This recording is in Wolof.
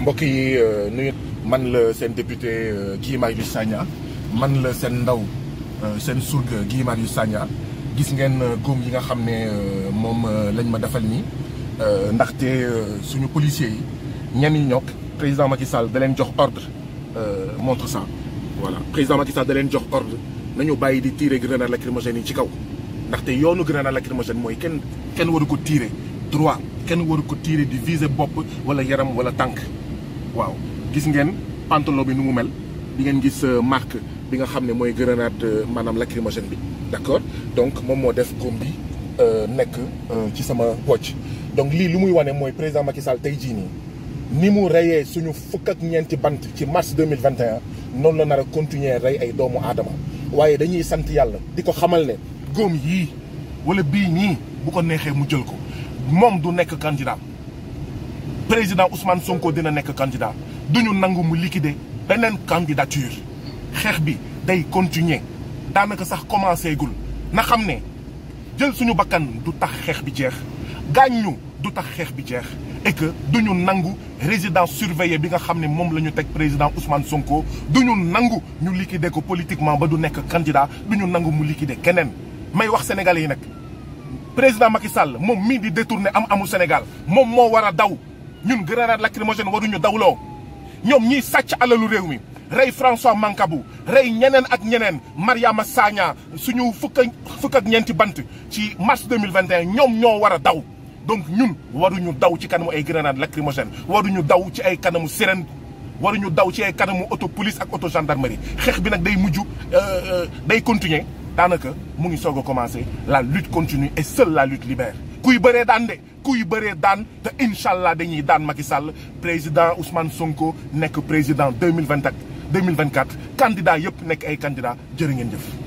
mbokk yi euh, nuy man le sen député euh, Guy Marius Sagna man le sen ndaw euh, seen surga Guy Marius Sagna gis ngeen góom yi nga xamné mom lañ ma dafal defal ndax té suñu policier yi ñenn ñok président Macky Sall da leen jox ordre montre ça voilà président Macky Sall da leen jox ordre nañu bayyi di tirer grenade lacrymogène ci kaw ndax té yoonu grenade lacrymogène moy kenn kenn waru ko tirer droit kenn waru ko tirer di viser bop wala yaram wala tank waaw gis ngeen pantalon bi nu mu mel di gis euh, marque bi nga xam ne mooy euh, bi d'accord donc moom moo def góom bi euh, nekk ci donc lii lu muy wane mooy président Macky Sall tey jii ni mu reyee suñu fukk ak bant ci mars 2021 noonu la continuer rey ay doomu aadama waaye dañuy xamal wala candidat président Ousmane Sonko dina nekk candidat du ñu nangu mu liquider beneen candidature xeex bi day continuer daanaka sax commencé gul na xam ne jël suñu bakkan du tax xeex bi jeex gaañ ñu du tax xeex bi jeex et que du ñu nangu résidence surveillée bi nga xam ne moom la ñu teg président Ousmane Sonko du ñu nangu ñu liquider ko politiquement ba du nekk candidat du ñu nangu mu liquider keneen may wax sénégalais yi nag président Macky Sall moom mii di détourner am amu Sénégal moom moo war a daw. ñun grenade lacrymogène waruñu dawlo ñom ñi sacc alalu rewmi rey François mankabu rey ñenen ak ñenen Mariama sanya suñu fuk fuk ak ñenti bant ci mars 2021 ñom ñoo wara daw donc ñun waruñu daw ci kanamu ay grenade lacrymogène waruñu daw ci ay kanamu sirène waruñu daw ci ay kanamu auto police ak auto gendarmerie xex bi nak day euh, euh day continuer daanaka mu ngi soog commencer la lutte continue et seule la lutte libère kuy bëree dande kuy bëree daan te incha allah dañuy daan Macky Sall président Ousmane Sonko nekk président deux mille vingt quatre deux mille vingt quatre yëpp nekk ay candidat jërë ngeen jëf.